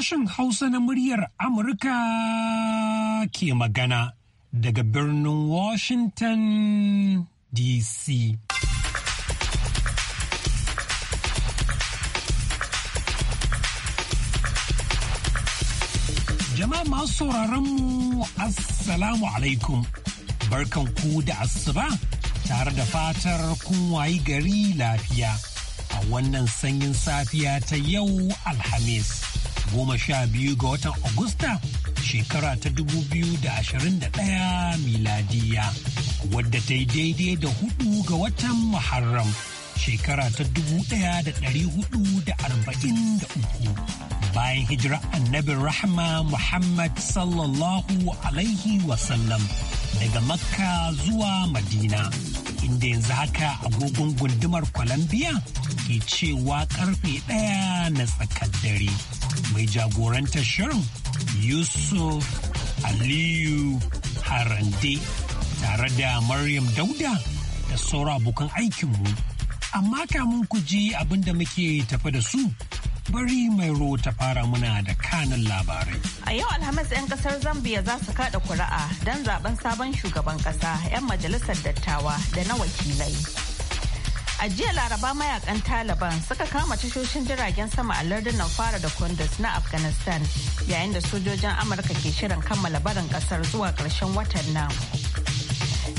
sashen Hausa na muryar Amurka ke magana daga birnin Washington DC. Jama'a masu mu Assalamu alaikum, barkan ku da asuba tare da fatar kun wayi gari lafiya a wannan sanyin safiya ta yau Alhamis. goma sha biyu ga watan Agusta shekara ta dubu biyu da ashirin da ɗaya miladiya wadda ta yi daidai da hudu ga watan Muharram shekara ta dubu ɗaya da ɗari hudu da arba'in da uku. Bayan hijira annabin rahma Muhammad sallallahu alaihi wasallam daga Makka zuwa Madina. inda yanzu haka agogon gundumar Colombia ke cewa karfe ɗaya na tsakar dare. mai jagorantar shirin Yusuf Aliyu Harande tare da Maryam Dauda da sauran abokan aikinmu. Amma kamun ku ji abin da muke tafe da su bari mai ta fara muna da kanin labarai. A yau Alhamis 'yan kasar Zambia za su kada kuri'a don zaben sabon shugaban kasa 'yan majalisar dattawa da na wakilai. A jiya laraba mayakan Taliban suka kama tashoshin jiragen sama a lardunan fara da Kunduz na Afghanistan yayin da sojojin Amurka ke shirin kammala barin kasar zuwa karshen watan nan.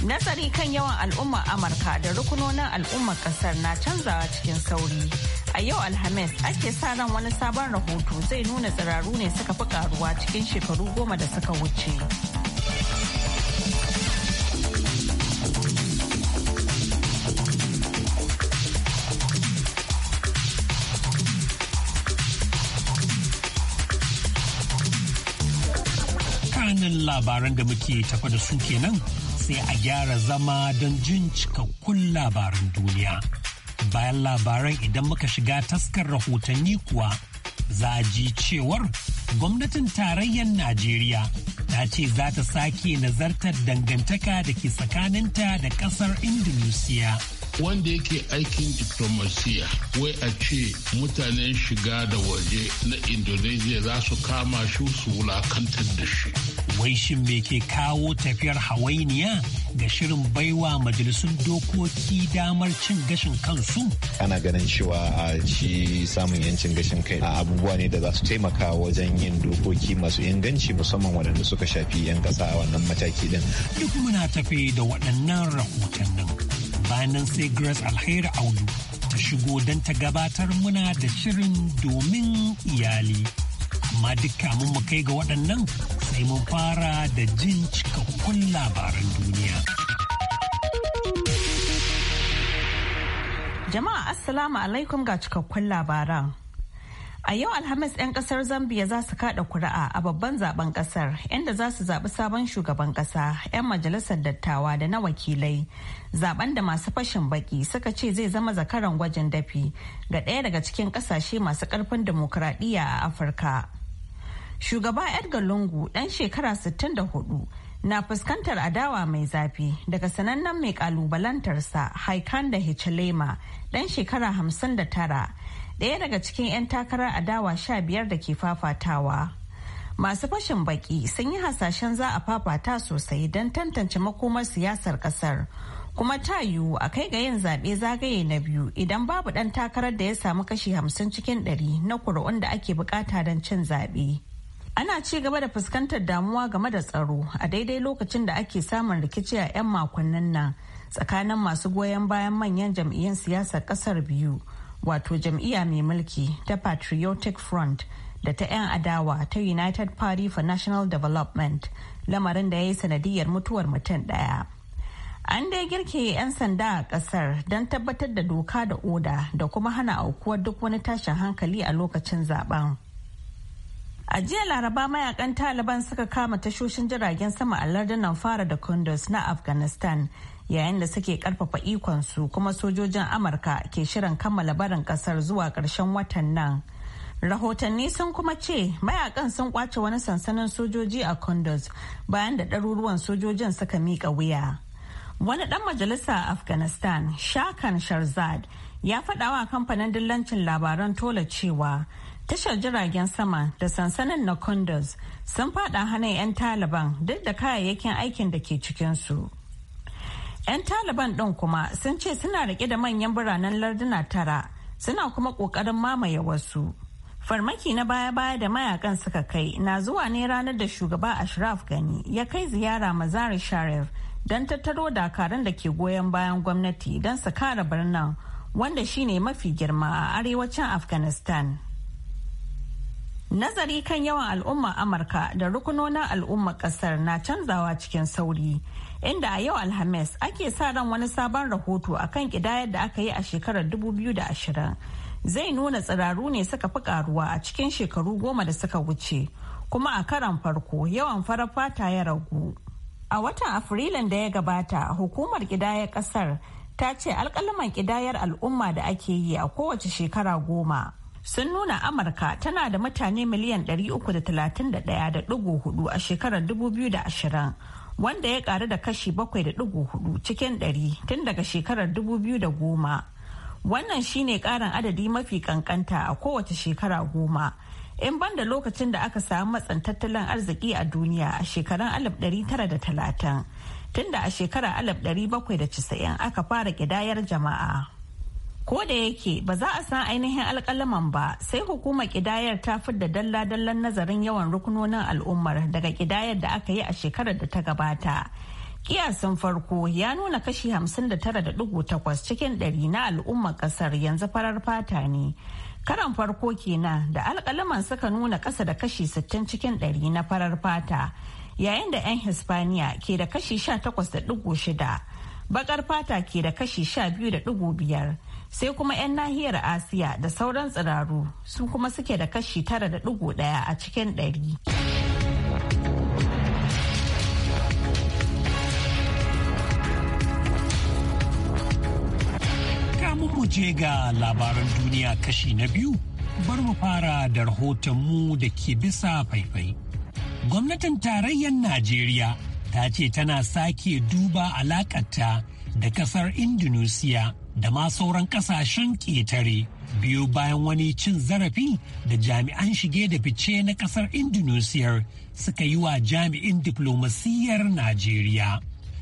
Nazari kan yawan al'ummar Amurka da rukunonin al'ummar kasar na canzawa cikin sauri. A yau Alhamis ake sa ran wani sabon rahoto zai nuna tsiraru ne suka fi karuwa cikin shekaru goma da suka wuce. labaran da muke tafa da su kenan sai a gyara zama don jin cikakkun labaran duniya. Bayan labaran idan muka shiga taskar rahotanni kuwa za a ji cewar gwamnatin tarayyar Najeriya ta ce za ta sake nazartar dangantaka da ke tsakaninta da kasar Indonesia. wanda yake aikin diplomasiya wai a ce mutanen shiga da waje na indonesia za su kama shi su wulakantar da shi wai shin me ke kawo tafiyar hawainiya ga shirin baiwa majalisun dokoki damar cin gashin kansu ana ganin cewa a ci samun yancin gashin kai a abubuwa ne da za su taimaka wajen yin dokoki masu inganci musamman waɗanda suka shafi 'yan ƙasa a wannan mataki din duk muna tafe da waɗannan rahotannin bayan nan sai Grace Alheri Audu ta shigo don ta gabatar muna da shirin domin iyali. Amma dukka mun mu kai ga waɗannan sai mun fara da jin cikakkun labaran duniya. Jama'a Assalamu alaikum ga cikakkun labaran. A yau Alhamis 'yan kasar Zambia za su kada kuri'a a babban zaben kasar inda za su zaɓi sabon shugaban kasa 'yan majalisar dattawa da na wakilai. Zaben da masu fashin baki suka ce zai zama zakaran gwajin dafi ga ɗaya daga cikin ƙasashe masu ƙarfin dimokuraɗiyya a Afirka. Shugaba Edgar Lungu ɗan shekara 64 na fuskantar adawa mai zafi daga sanannen mai kalubalantarsa Haikanda Hichilema ɗan shekara 59 ɗaya daga cikin 'yan takarar adawa sha biyar da ke fafatawa masu fashin baki sun yi hasashen za a fafata sosai don tantance makomar siyasar kasar kuma ta yiwu a kai ga yin zaɓe zagaye na biyu idan babu ɗan takarar da ya samu kashi hamsin cikin ɗari na kuri'un da ake buƙata don cin zaɓe. ana ci gaba da fuskantar damuwa game da tsaro a daidai lokacin da ake samun rikici a 'yan makonnin nan tsakanin masu goyon bayan manyan jam'iyyun siyasar kasar biyu wato jam'iyya mai mulki ta patriotic front da ta 'yan adawa ta united party for national development lamarin da ya yi sanadiyar mutuwar mutum daya an dai girke 'yan sanda a kasar don tabbatar da doka da oda da kuma hana aukuwar duk wani tashin hankali a lokacin zaben a jiya laraba mayakan taliban suka kama tashoshin jiragen sama a lardunan fara da kundus na afghanistan yayin da suke karfafa su kuma sojojin amurka ke shirin kammala barin kasar zuwa karshen watan nan rahotanni sun kuma ce mayakan sun kwace wani sansanin sojoji a condos bayan da ɗaruruwan sojojin suka miƙa wuya wani ɗan majalisa a afghanistan shakan sharzad ya faɗawa kamfanin dillancin labaran tola cewa tashar jiragen sama da sansanin na condos sun faɗa hannun 'yan taliban duk da kayayyakin aikin da ke cikinsu 'Yan Taliban ɗin kuma sun ce suna rike da manyan biranen larduna tara suna kuma ƙoƙarin mamaye wasu. Farmaki na baya-baya da mayakan suka kai na zuwa ne ranar da shugaba Ashraf Gani ya kai ziyara mazari Sharif don tattaro dakarun da ke goyon bayan gwamnati don su kara birnin wanda shine mafi girma a arewacin Afghanistan. Nazari kan yawan al'umma Amurka da rukunonin al'ummar kasar na canzawa cikin sauri. Inda a yau Alhamis ake sa ran wani sabon rahoto akan ƙidayar da aka yi a shekarar 2020. Zai nuna tsiraru ne suka fi karuwa a cikin shekaru goma da suka wuce. Kuma a karan farko yawan farar fata ya ragu. A watan Afrilun da ya gabata hukumar ƙidayar ƙasar ta ce alkalaman ƙidayar al'umma da ake yi a kowace shekara goma. sun nuna amurka tana da mutane miliyan 331.4 a shekarar 2020 wanda ya karu da kashi 7.4 cikin 100 tun daga shekarar 2010 wannan shine karin adadi mafi kankanta a kowace shekara goma in banda lokacin da aka samu matsan tattalin arziki a duniya a shekarun 1930 tunda a shekarar 1790 aka fara kidayar jama'a. Ko da yake ba za a san ainihin alkalaman ba sai hukumar kidayar ta fidda dalla-dallan nazarin yawan rukunonin al'ummar daga kidayar da aka yi a shekarar da ta gabata. Kiyasin farko ya nuna kashi 59.8 cikin ɗari na al'ummar kasar yanzu farar fata ne. Karan farko kenan da alkalaman suka nuna ƙasa da kashi 60 cikin dari na farar fata yayin da 'yan Hispaniya ke da kashi 18.6 bakar fata ke da kashi 12.5 sai kuma 'yan nahiyar asiya da sauran tsiraru su kuma suke da kashi tara da 9.1 a cikin 100 mu je ga labaran duniya kashi na biyu bar mu fara da rahotonmu da ke bisa faifai gwamnatin tarayyar najeriya ta ce tana sake duba alakarta da kasar indonesia da ma sauran kasashen ƙetare biyu bayan wani cin zarafi da jami'an shige da fice na ƙasar indonesia suka yi wa jami'in diplomasiyyar najeriya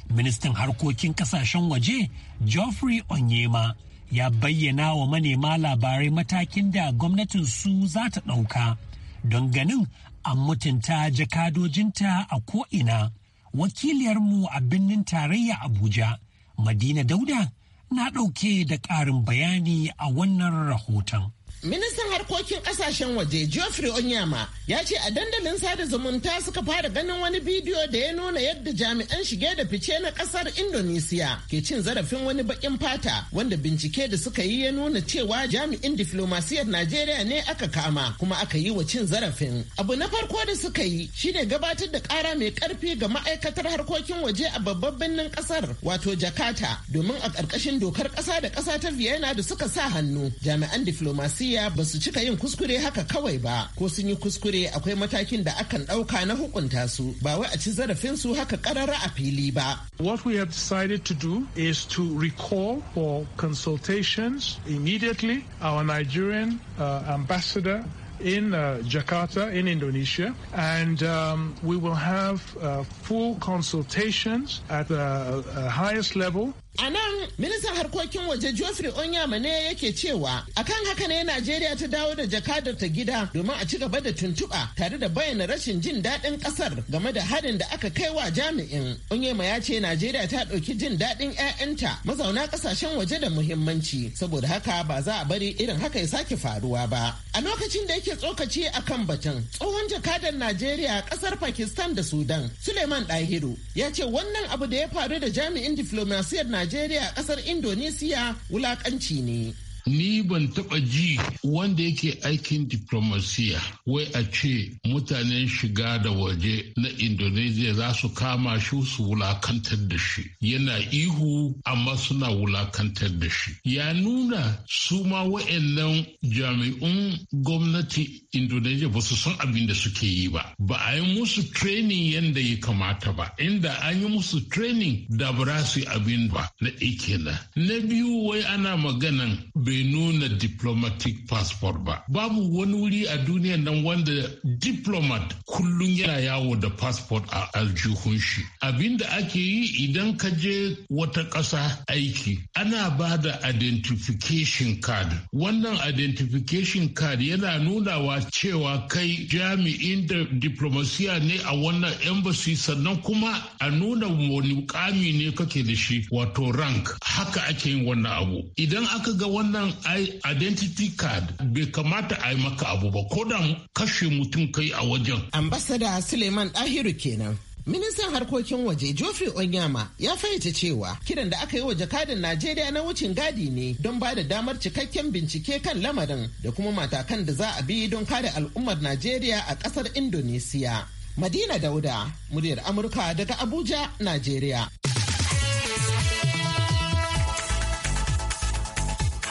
ministan harkokin kasashen waje geoffrey onyema ya bayyana wa manema labarai matakin da gwamnatin su za ta ɗauka don ganin an mutunta jakadojinta a ko'ina wakiliyarmu a birnin tarayya abuja madina dauda na ɗauke da ƙarin bayani a wannan rahoton. Ministan harkokin kasashen waje Geoffrey Onyama ya ce a dandalin sada zumunta suka fara ganin wani bidiyo da ya nuna yadda jami'an shige da fice na kasar Indonesia ke cin zarafin wani bakin fata wanda bincike da suka yi ya nuna cewa jami'in diflomasiyyar Najeriya ne aka kama kuma aka yi wa cin zarafin. Abu na farko da suka yi shine gabatar da kara mai karfi ga ma'aikatar harkokin waje a babban birnin kasar wato Jakarta domin a ƙarƙashin dokar ƙasa da ƙasa ta Vienna da suka sa hannu jami'an diflomasiyyar. Najeriya ba su cika yin kuskure haka kawai ba ko sun yi kuskure akwai matakin da akan ɗauka na hukunta su ba wai a ci zarafin su haka a fili ba. What we have decided to do is to recall for consultations immediately our Nigerian uh, ambassador in uh, Jakarta, in Indonesia, and um, we will have uh, full consultations at the uh, highest level. A nan, ministan harkokin waje Geoffrey Onyama ne yake cewa A kan haka ne Najeriya ta dawo da jakadar ta gida domin a ci gaba da tuntuɓa tare da bayyana rashin jin daɗin ƙasar game da harin da aka kai wa jami'in. Onyama ya ce Najeriya ta ɗauki jin daɗin 'ya'yanta mazauna ƙasashen waje da muhimmanci saboda haka ba za a bari irin haka ya sake faruwa ba. A lokacin da yake tsokaci a kan batun tsohon jakadar Najeriya ƙasar Pakistan da Sudan Suleiman Dahiru ya ce wannan abu da ya faru da jami'in diflomasiyar Najeriya kasar Indonesia wulakanci ne. ni ban taba ji wanda yake aikin diplomasiya wai a ce mutanen shiga da waje na indonesia za su kama shi su wulakantar da shi yana ihu amma suna wulakantar da shi ya nuna su ma wa'annan jami'un gwamnati indonesia ba su san abin da suke yi ba ba a yi musu training yadda ya kamata ba inda an yi musu training da ba su abin ba na kenan na biyu wai ana maganan bai bai nuna diplomatic passport ba babu wani wuri a duniya nan wanda diplomat kullum yana yawo da passport a aljihun shi abinda ake yi idan ka je wata ƙasa aiki ana ba da identification card wannan identification card yana nunawa cewa kai jami'in da diplomasiya ne a wannan embassy sannan kuma a nuna wani ne kake da shi wato rank haka ake yin wannan abu idan aka ga wannan wannan ai identity card bai kamata a yi maka abu ba ko da kashe mutum kai a wajen. ambasada suleiman dahiru kenan Ministan harkokin waje Geoffrey Onyama ya fayyace cewa kiran da aka yi wa jakadin Najeriya na wucin gadi ne don ba da damar cikakken bincike kan lamarin da kuma matakan da za a bi don kare al'ummar Najeriya a ƙasar Indonesia, Madina Dauda, muryar Amurka daga Abuja, Najeriya.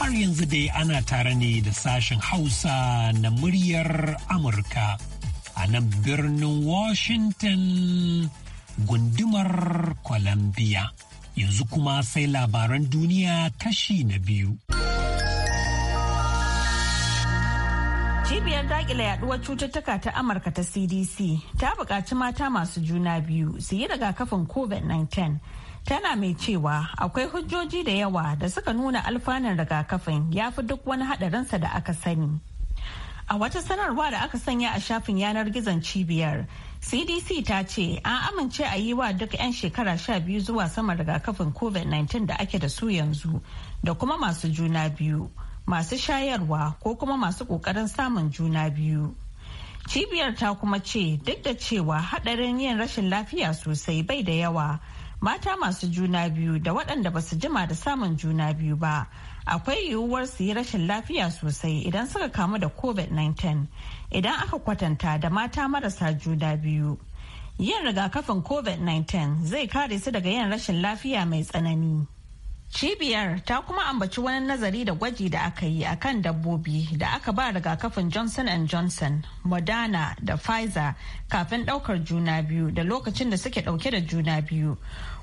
har yanzu dai ana tare ne da sashen Hausa na muryar Amurka a nan birnin Washington gundumar Columbia. Yanzu kuma sai labaran duniya kashi na biyu. Cibiyar dakila yaduwar cututtuka ta Amurka ta CDC ta buƙaci mata masu juna biyu su yi rigakafin COVID-19. tana mai cewa akwai hujjoji da yawa da suka nuna alfanun rigakafin ya fi duk wani haɗarinsa da aka sani a wata sanarwa da aka sanya a shafin yanar gizon cibiyar cdc ta ce an amince a yi wa duk 'yan shekara sha biyu zuwa sama rigakafin covid-19 da ake da su yanzu da kuma masu juna biyu masu shayarwa ko kuma masu ƙoƙarin samun juna biyu cibiyar ta kuma ce duk da cewa haɗarin yin rashin lafiya sosai bai da yawa mata masu juna biyu da waɗanda ba su jima da samun juna biyu ba akwai yiwuwar su yi rashin lafiya sosai idan suka kamu da covid-19 idan aka kwatanta da mata marasa juna biyu yin rigakafin covid-19 zai kare su daga yin rashin lafiya mai tsanani. Cibiyar ta kuma ambaci wani nazari da gwaji da aka yi a kan dabbobi da aka ba rigakafin Johnson Johnson, Moderna da Pfizer kafin ɗaukar juna biyu da lokacin da suke ɗauke da juna biyu.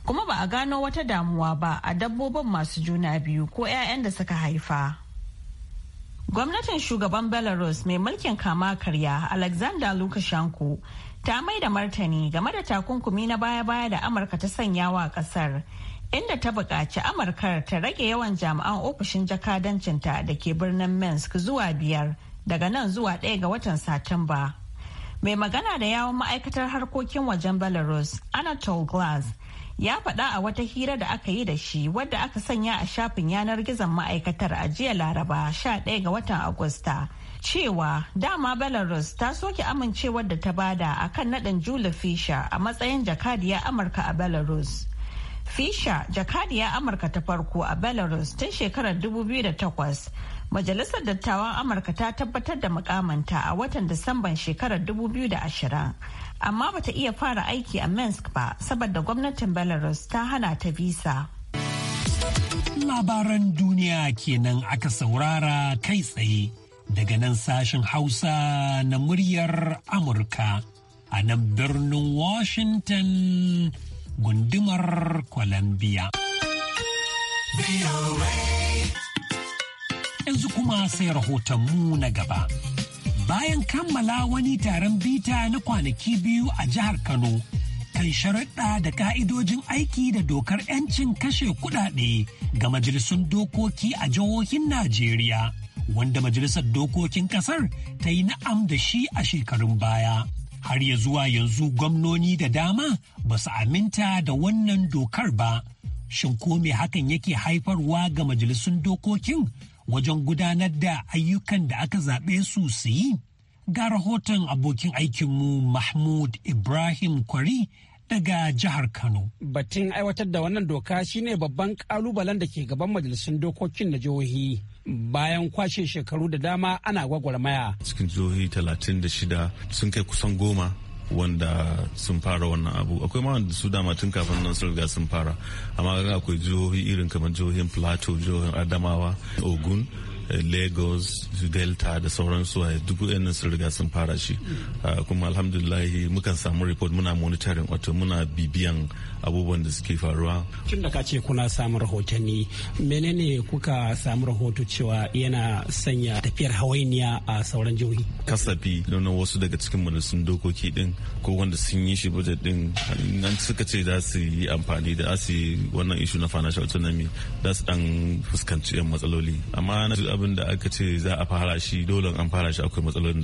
Kuma ba a gano wata damuwa ba a dabbobin masu juna biyu ko 'ya'yan da suka haifa. Gwamnatin shugaban Belarus mai mulkin kama karya Alexander Lukashenko ta mai da martani game da takunkumi na baya-baya da Amurka ta sanya wa kasar. inda ta buƙaci amurkar ta rage yawan jami'an ofishin jakadancinta da ke birnin minsk zuwa biyar daga nan zuwa ɗaya ga watan satumba mai magana da yawon ma'aikatar harkokin wajen belarus anatol glass ya faɗa a wata hira da aka yi da shi wadda aka sanya a shafin yanar gizon ma'aikatar a jiya laraba sha 11 ga watan agusta cewa dama belarus ta soke amincewar da ta bada akan naɗin Julie fisher a matsayin jakadiyar amurka a belarus Fisher ya Amurka ta farko a Belarus tun shekarar 2008. Majalisar Dattawan Amurka ta tabbatar da mukamanta a watan Disamban shekarar 2020. Amma bata iya fara aiki a Minsk ba saboda gwamnatin Belarus ta hana ta visa. Labaran duniya kenan aka saurara kai tsaye daga nan sashen Hausa na muryar Amurka a nan birnin Washington gundumar Columbia. Yanzu kuma sai rahotonmu na gaba. Bayan kammala wani taron bita na kwanaki biyu a jihar Kano, kan sharaɗa da ƙa'idojin aiki da dokar 'yancin kashe kuɗaɗe ga majalisun dokoki a jihohin Najeriya, wanda majalisar dokokin ƙasar ta yi na'am da shi a shekarun baya. har ya zuwa yanzu gwamnoni da dama ba su aminta da wannan dokar ba shin ko me hakan yake haifarwa ga majalisun dokokin wajen gudanar da ayyukan da aka zaɓe su su yi ga rahoton abokin aikinmu mahmud ibrahim kwari daga jihar Kano. Batun aiwatar da wannan doka shine babban kalubalen da ke gaban majalisun dokokin na jihohi. bayan kwashe shekaru da dama ana gwagwarmaya. Cikin jihohi talatin da shida sun kai kusan goma wanda sun fara wannan abu akwai ma wanda su dama tun kafin nan sun riga sun fara amma ga akwai jihohi irin kamar jihohin plateau jihohin adamawa ogun Eh, lagos delta da sauransu a eh, duk nan sun riga sun fara shi ah, kuma alhamdulillahi mukan samu report muna monitoring wato muna bibiyan abubuwan da suke faruwa tun da ka ce kuna samun rahotanni menene kuka samu rahoto cewa yana sanya tafiyar hawainiya a sauran jihohi kasafi nuna wasu daga cikin mu sun dokoki din ko wanda sun yi shi budget din nan suka ce za su yi amfani da asi wannan issue na financial autonomy da su dan fuskanci yan matsaloli amma abin da aka ce za a fara shi dole an fara shi akwai matsalolin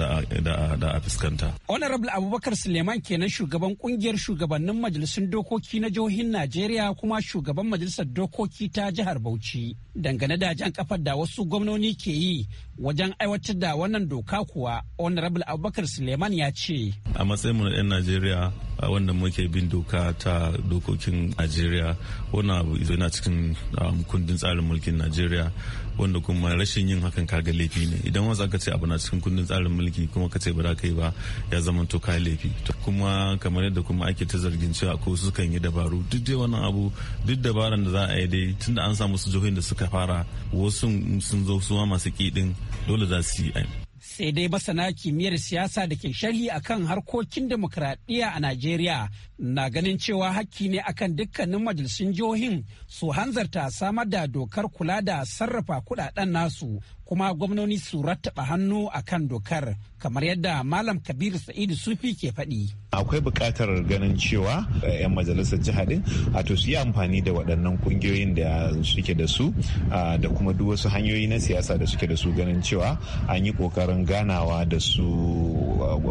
da a fuskanta. Honorable Abubakar Suleiman kenan shugaban kungiyar shugabannin majalisun dokoki na jihohin Najeriya kuma shugaban majalisar dokoki ta jihar Bauchi. Dangane da jan kafar da wasu gwamnoni ke yi wajen aiwatar da wannan doka kuwa honorable abubakar suleiman ya ce a matsayinmu na 'yan najeriya wanda muke bin doka ta dokokin najeriya wannan abu yana cikin um, kundin tsarin mulkin najeriya wanda kuma rashin yin hakan kaga laifi ne idan wasu aka ce abu na cikin kundin tsarin mulki kuma ka ce ba za ka yi ba ya zama to ka laifi kuma kamar yadda kuma ake ta zargin cewa ko su kan yi dabaru duk dai wannan abu duk dabaran da za a yi dai tunda an samu su jihohin da suka fara wasu sun zo suwa masu kidin dole za su yi sai dai masana kimiyyar siyasa da ke sharhi akan harkokin demokradiyya a najeriya na ganin cewa hakki ne akan dukkanin majalisun jihohin su hanzarta samar da dokar kula da sarrafa kudaden nasu kuma gwamnoni su rattaba hannu a kan dokar kamar yadda malam kabir sa'idu sufi ke faɗi. akwai buƙatar ganin cewa eh, 'yan majalisar jiha din a to su yi amfani da waɗannan ƙungiyoyin da suke da su da kuma duk wasu hanyoyi na siyasa da suke da su ganin cewa an yi ƙoƙarin ganawa da su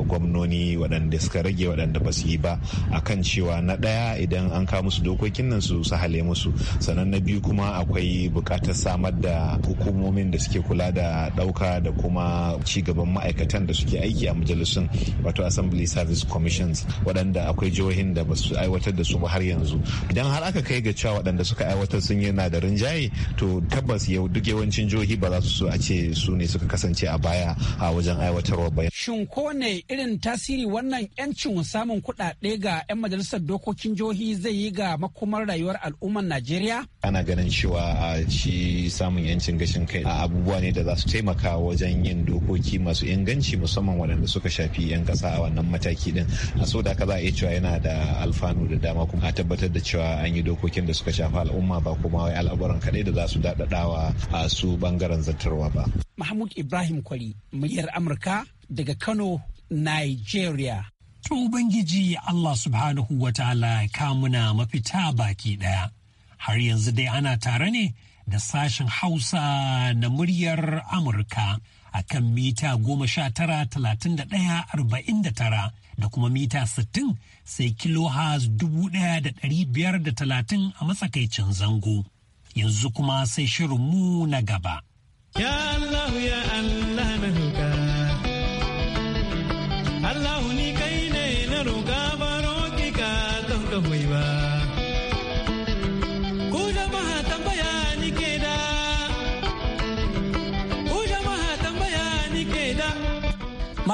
gwamnoni waɗanda suka rage waɗanda ba su yi ba A kan cewa na ɗaya idan an kawo musu dokokin nan su sahale musu sannan na biyu kuma akwai buƙatar samar da hukumomin da suke kula da dauka da kuma ci gaban ma'aikatan da suke aiki a majalisun wato assembly service commissions waɗanda akwai jihohin da ba su aiwatar da su ba har yanzu idan har aka kai ga cewa waɗanda suka aiwatar sun yi na da rinjaye to tabbas yau duk yawancin jihohi ba za su so a ce su ne suka kasance a baya a wajen aiwatarwa ba shin ko ne irin tasiri wannan yancin samun kuɗaɗe ga 'yan majalisar dokokin jihohi zai yi ga makomar rayuwar al'ummar najeriya ana ganin cewa a ci samun yancin gashin kai a abubuwa ne da da za su taimaka wajen yin dokoki masu inganci musamman waɗanda suka shafi 'yan ƙasa a wannan mataki din a so da za a iya cewa yana da alfanu da dama kuma a tabbatar da cewa an yi dokokin da suka shafi al'umma ba kuma wai al'amuran kaɗai da za su daɗaɗawa a su bangaren zartarwa ba. Mahmud Ibrahim Kwari, muryar Amurka daga Kano, Nigeria. To Ubangiji Allah subhanahu wa ta'ala kamuna mafita baki ɗaya. Har yanzu dai ana tare ne da sashen Hausa na muryar Amurka a kan mita goma sha tara talatin da ɗaya arba'in da tara da kuma mita sittin sai kilohaz dubu ɗaya da ɗari biyar da talatin a matsakaicin zango. Yanzu kuma sai shirinmu na gaba. Ya Allah ya Allah na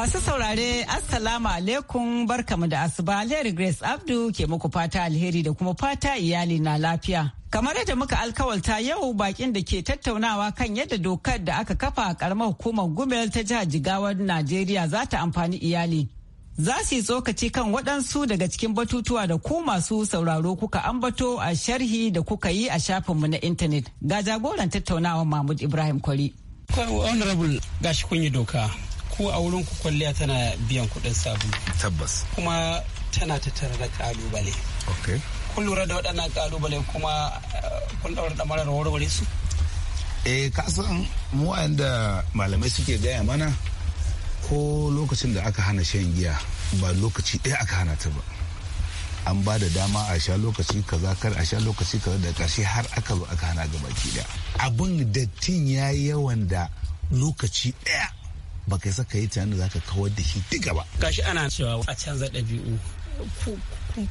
Masu saurare Assalamu alaikum barkamu da asuba Alheri Grace Abdu ke muku fata alheri da kuma fata iyali na lafiya. Kamar yadda muka alkawalta yau bakin da ke tattaunawa kan yadda dokar da aka kafa a karamar hukumar Gumel ta jihar Jigawar Najeriya za ta amfani iyali. Za su yi tsokaci kan waɗansu daga cikin batutuwa da ku masu sauraro kuka ambato a sharhi da kuka yi a shafinmu na intanet. Ga jagoran tattaunawa Mahmud Ibrahim Kwari. Honorable gashi kun yi doka ku a wurin ku kwalliya tana biyan kuɗin sabulu. Tabbas. Kuma tana tattara da kalubale. Okay. Kun lura da waɗannan kalubale kuma eh, kun ɗaura marar warware su? Eh kasan mu da malamai suke gaya mana ko lokacin da aka hana shan giya ba lokaci ɗaya aka hana ta ba. an ba da dama a sha lokaci kaza kar a sha lokaci kaza da ƙarshe har aka zo aka hana gaba ki daya abin dattin ya yi yawan da lokaci ɗaya ba kai saka yi tunanin za ka kawar da shi duka ba gashi ana cewa a canza ɗabi'u kun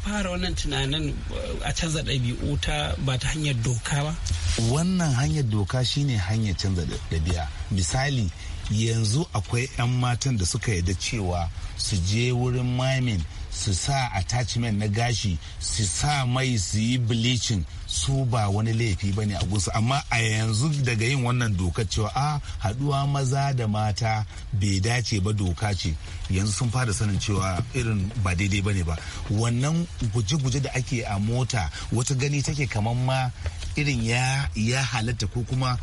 fara wannan tunanin uh, a canza ɗabi'u ta ba ta hanyar doka ba wannan hanyar doka shine hanyar canza ɗabi'a misali yanzu akwai 'yan matan da suka yarda cewa su je wurin mamin su sa attachment na gashi su sa mai su yi bleaching su ba wani laifi ba ne a gusa amma a yanzu daga yin wannan doka cewa a ah, haduwa maza da mata bai dace ba doka ce yanzu sun fara sanin cewa irin ba daidai ba ne ba wannan guje-guje da ake a mota wata gani take kamar ma irin ya halatta ko kuma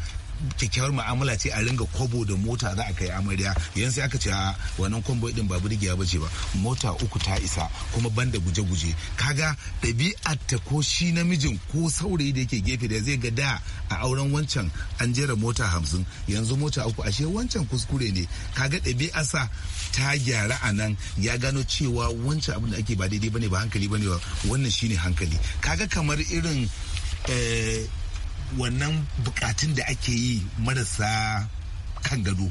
kyakkyawar mu'amala ce a ringa kwabo da mota za a kai amarya yanzu sai aka ce a wannan kwambo din ba burgiya bace ba mota uku ta isa kuma banda guje-guje kaga ɗabi'ar ta ko shi namijin ko saurayi da yake gefe da zai ga da a auren wancan an jera mota hamsin yanzu mota uku ashe wancan kuskure ne kaga sa ta gyara a nan ya gano cewa wancan abin da ake ba daidai bane ba hankali bane ba wannan shine hankali kaga kamar irin eh, wannan bukatun da ake yi marasa kan gado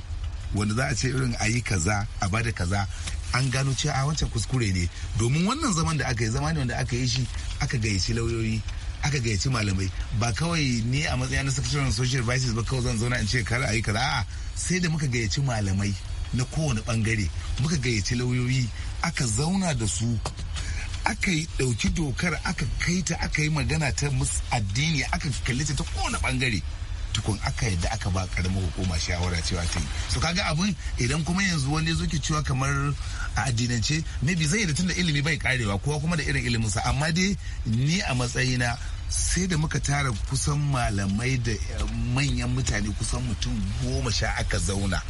wanda za a ce irin a yi kaza a bada kaza an gano cewa a wancan kuskure ne domin wannan zaman da aka yi zama ne wanda aka yi shi aka gayyaci lauyoyi aka gayyaci malamai ba kawai ni a matsayin na sakataren social vices ba kawai zan zauna in ce kar a yi kaza a sai da muka gayyaci malamai na kowane bangare muka gayyaci lauyoyi aka zauna da su aka yi ɗauki dokar aka kai ta aka yi magana ta addini aka kalli ta kowane bangare tukun aka yadda aka ba karamar hukuma shawara cewa ta yi so kaga abin idan kuma yanzu wani zuki cewa kamar a addinance maybe zai da tunda ilimi bai karewa kowa kuma da irin iliminsa amma dai ni a matsayina sai da muka tara kusan malamai da eh, manyan mutane kusan mutum goma sha aka zauna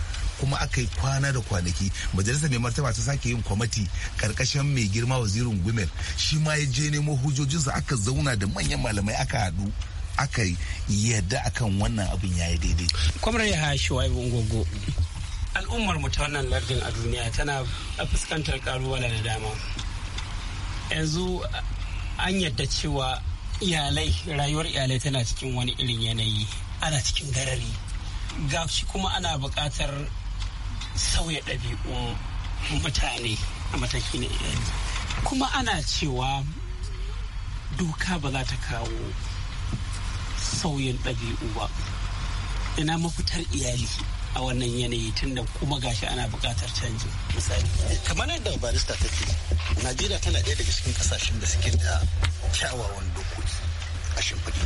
kuma aka yi kwana da kwanaki majalisar mai martaba ta sake yin kwamati karkashin mai girma wazirin gumel shi ma ya je nemo aka zauna da manyan malamai aka haɗu aka yadda akan wannan abin ya yi daidai. kwamar ya shuwaibu ungogo al'ummar mu ta wannan lardin a duniya tana fuskantar karuwala da dama yanzu an yadda cewa iyalai rayuwar iyalai tana cikin wani irin yanayi ana cikin garari shi kuma ana buƙatar sauya ɗabi'un mutane a mataki na iyali kuma ana cewa doka ba za ta kawo sauyin ɗabi'u ba ina mafitar iyali a wannan yanayi tunda kuma gashi ana buƙatar canji misali kamar yadda barista take najeriya tana ɗaya daga cikin ƙasashen da suke da kyawawan dokoki kashin kuɗi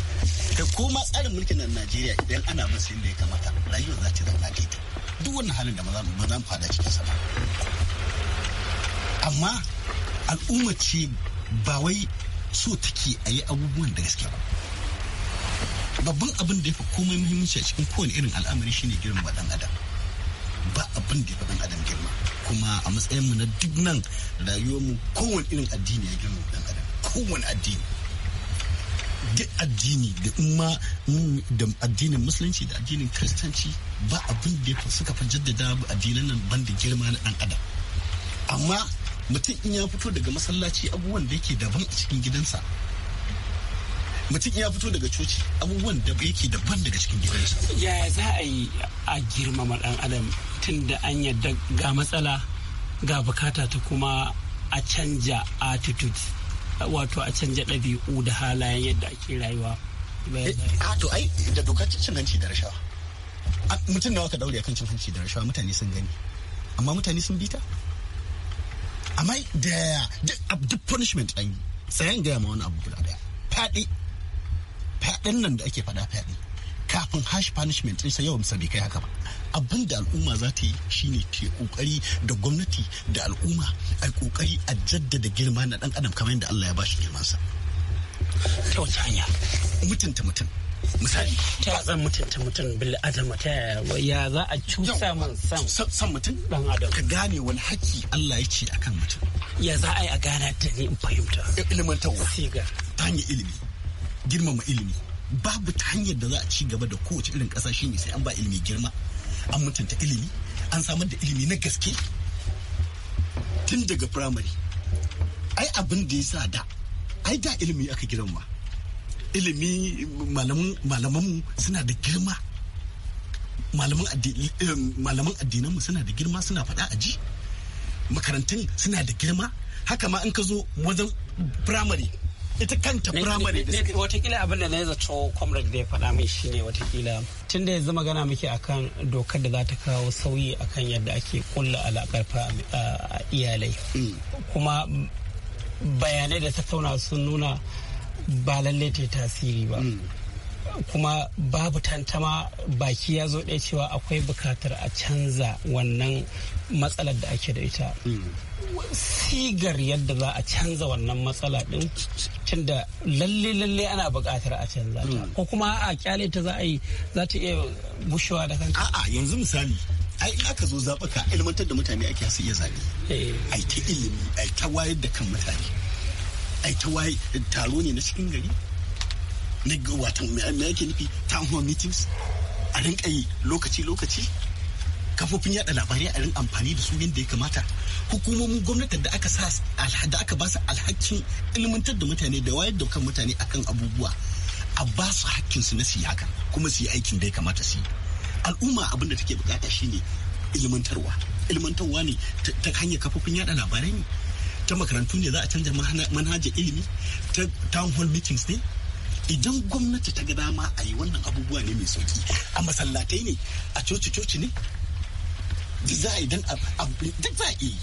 da kuma tsarin mulkin nan najeriya idan ana masu da ya kamata rayuwar za ta zauna daidai duk wani halin da ba za mu fada cikin ba amma al'umma ce ba wai so take a yi abubuwan da gaske ba babban abin da ya fi komai muhimmanci a cikin kowane irin al'amari shine girma dan adam ba abin da ya fi dan adam girma kuma a matsayinmu na duk nan rayuwarmu kowane irin addini ya girma dan adam kowane addini duk addini da umma da addinin musulunci da addinin kristanci ba abin da suka fi jaddada addinan nan banda girma na dan adam amma mutum in ya fito daga masallaci abubuwan da yake daban a cikin gidansa mutum ya fito daga coci abubuwan da yake daban daga cikin gidansa yaya za a yi a girmama dan adam tun da an yadda ga matsala ga bukata ta kuma a canja attitude wato a canja ɗabi'u da halayen yadda ake rayuwa. Eh, a to ai da dokar cin hanci da rashawa. Mutum nawa ka daure kan cin hanci da rashawa mutane sun gani. Amma mutane sun bita ta? Amma da duk punishment an yi. Sayan gaya ma wani abu guda daya. Faɗi. Faɗin nan da ake faɗa faɗi. Kafin hash punishment ɗinsa yawan sa bai kai haka ba. abin da al'umma za ta yi shine ke kokari da gwamnati da al'umma a kokari a jaddada girma na dan adam kamar yadda Allah ya bashi girmansa ta wace hanya mutunta mutum misali ta zan mutunta mutum bil adam ta ya za a cusa man san san mutum dan adam ka gane wani haƙƙi Allah ya ce akan mutum ya za a yi a gana ta ne in fahimta ta siga ta hanyar ilimi girmama ilimi babu ta hanyar da za a ci gaba da kowace irin ƙasa shine sai an ba ilimi girma an mutunta ilimi an samar da ilimi na gaske tun daga firamare ai abin da ya sa da ai da ilimi aka girma ilimi malamanmu suna da girma eh, malaman addinanmu suna da girma suna faɗa a ji makarantun suna da girma haka ma in ka zo wajen firamare ita kanta firamare da suke watakila abin da na yi zato comrade da ya faɗa mai shine watakila tun da yanzu magana muke akan dokar da za ta kawo sauyi a kan yadda ake kulla alaƙar iyalai mm. kuma bayanai da ta sun nuna ba lallai ta tasiri ba mm. kuma babu tantama baki ya zo ɗaya cewa akwai bukatar a canza wannan matsalar da ake da ita mm. sigar yadda za a canza wannan matsala din tunda da lalle lalle ana buƙatar a canza hmm. ko kuma a kyale ta za a yi za ta iya gushewa da kanta a'a yanzu misali ai in aka zo zaɓuka ilmantar da mutane ake su iya zaɓe eh. ai ta ilimi ai ta wayar da kan mutane ai ta wayar taro ne na cikin gari na watan me ake nufi town hall meetings a rinka yi lokaci lokaci kafofin yada labarai a rin amfani da su yadda ya kamata hukumomin gwamnati da aka sa da aka ba su alhakin ilmantar da mutane da wayar da kan mutane akan abubuwa a ba su hakkin su na su yi haka kuma su yi aikin da ya kamata su yi al'umma abin da take bukata shine ilmantarwa ilmantarwa ne ta hanyar kafofin yada labarai ne ta makarantu ne za a canza manhajar ilimi ta town hall meetings ne idan gwamnati ta ga dama a yi wannan abubuwa ne mai sauki a masallatai ne a coci-coci ne za a yi don duk za a yi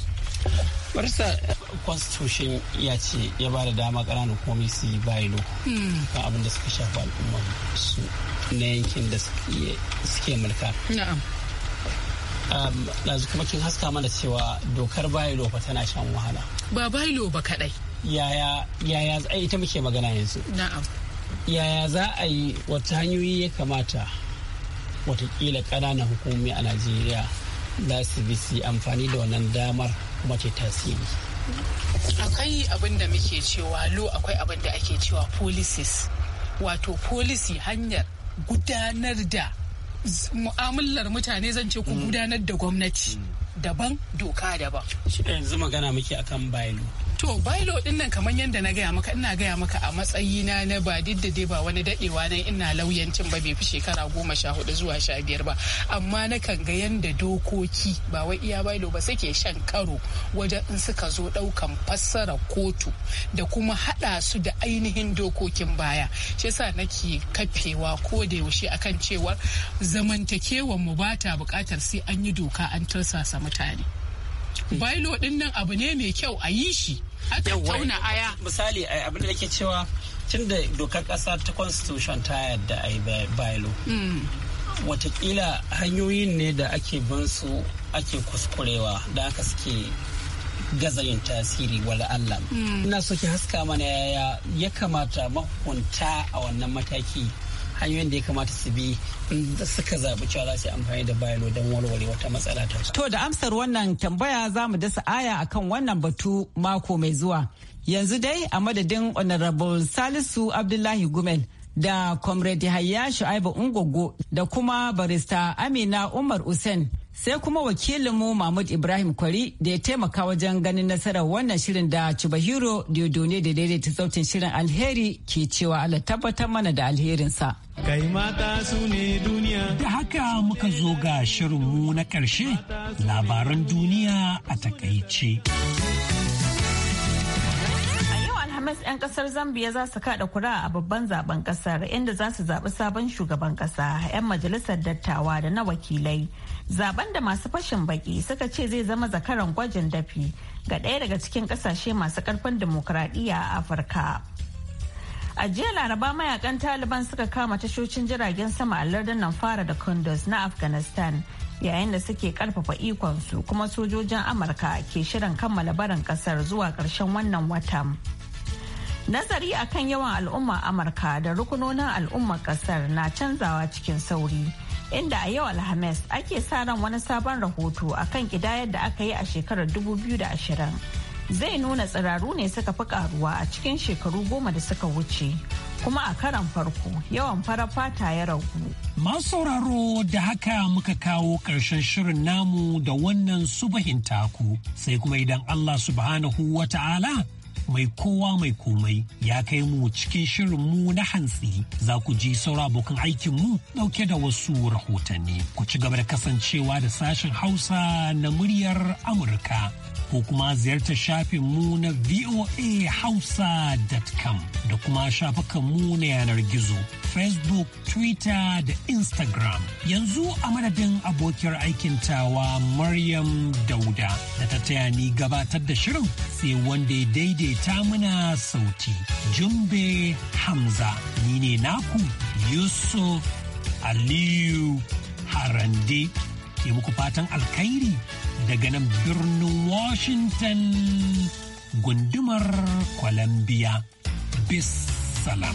barista constitution ya ce ya ba da dama ƙananan komai su yi bayilo hmm. kan abin da suka shafa al'umma su na yankin da suke mulka Na um, kuma kin haska mana cewa dokar bayilo fa tana shan wahala ba bayilo ba kadai yaya yaya ita muke magana yanzu na'am yaya za a yi wata hanyoyi ya kamata watakila ƙananan hukumi a najeriya za su bi amfani da wannan damar kuma ce tasiri akwai abin da muke cewa lo akwai abin da ake cewa policies wato policy hanyar gudanar da mu'amalar mutane zan ce ku mm. gudanar da gwamnati mm. daban doka daban. shi Yanzu magana muke akan bayilo. To bailo din nan kamar yadda na gaya maka ina gaya maka a matsayi na na ba diddade ba wani dadewa na ina lauyancin ba bai fi shekara goma sha hudu zuwa sha biyar ba amma na kan ga yadda dokoki ba wai iya bailo ba suke shan karo wajen in suka zo daukan fassara kotu da kuma hada su da ainihin dokokin baya shi yasa nake kafewa ko da yaushe akan cewar zamantakewan mu bata bukatar sai an yi doka an tursasa mutane. Hmm. Bailo din nan abu ne mai kyau a yi shi a tattauna aya misali da nake cewa tun da dokar kasa ta constitution ta yadda a yi bailo hmm. watakila hanyoyin ne da ake bin su ake kuskurewa da aka suke gazayin tasiri wala Allah. Hmm. Ina so ki haska mana yaya ya kamata mahukunta a wannan mataki hanyoyin da ya kamata su bi da suka zaɓi cewa za su yi amfani da bayalo don warware wata matsala ta to da amsar wannan tambaya za mu dasa aya akan wannan batu mako mai zuwa yanzu dai a madadin honorable salisu abdullahi gumel da comrade hayya shu'aibu ungogo da kuma barista amina umar usain sai kuma wakilinmu mahmud ibrahim kwari da ya taimaka wajen ganin nasarar wannan shirin da chibahiro diodone da daidaita sautin shirin alheri ke cewa ala tabbatar mana da alherinsa. Kai mata su ne duniya. Da haka muka zo ga shirinmu na ƙarshe labaran duniya a takaice. Alhamis 'yan kasar Zambiya za su kada kura a babban zaben ƙasar inda za su zaɓi sabon shugaban ƙasa 'yan majalisar dattawa da na wakilai. Zaben da masu fashin baki suka ce zai zama zakaran gwajin dafi ga ɗaya daga cikin ƙasashe masu ƙarfin dimokuraɗiyya a Afirka. A jiya laraba mayakan Taliban suka kama tashocin jiragen sama a lardin nan fara da kundus na Afghanistan yayin da suke karfafa ikonsu kuma sojojin Amurka ke shirin kammala barin kasar zuwa karshen wannan watan. Nazari akan yawan al'umma Amurka da rukunonin al'ummar kasar na canzawa cikin sauri. Inda a yau Alhamis ake sa ran wani sabon rahoto akan kidayar da aka yi a shekarar 2020. zai nuna tsiraru ne suka fi karuwa a cikin shekaru goma da suka wuce kuma a karan farko yawan farar fata ya ragu. Masu sauraro da haka muka kawo ƙarshen shirin namu da wannan subahin taku sai kuma idan Allah subhanahu wa ta'ala mai kowa mai komai ya kai mu cikin shirin mu na hantsi za ku ji saura abokan mu dauke da wasu rahotanni ku ci gaba da kasancewa da sashen hausa na muryar amurka ko kuma ziyartar shafin mu na voahausa.com da kuma shafukan mu na yanar gizo facebook twitter da instagram yanzu a madadin abokiyar aikin tawa maryam dauda da ta taya ni gabatar da shirin sai wanda ya daidaita mana sauti jumbe hamza ni ne naku yusuf aliyu harande ke muku fatan alkhairi daga nan birnin Washington gundumar Columbia. Bis salam.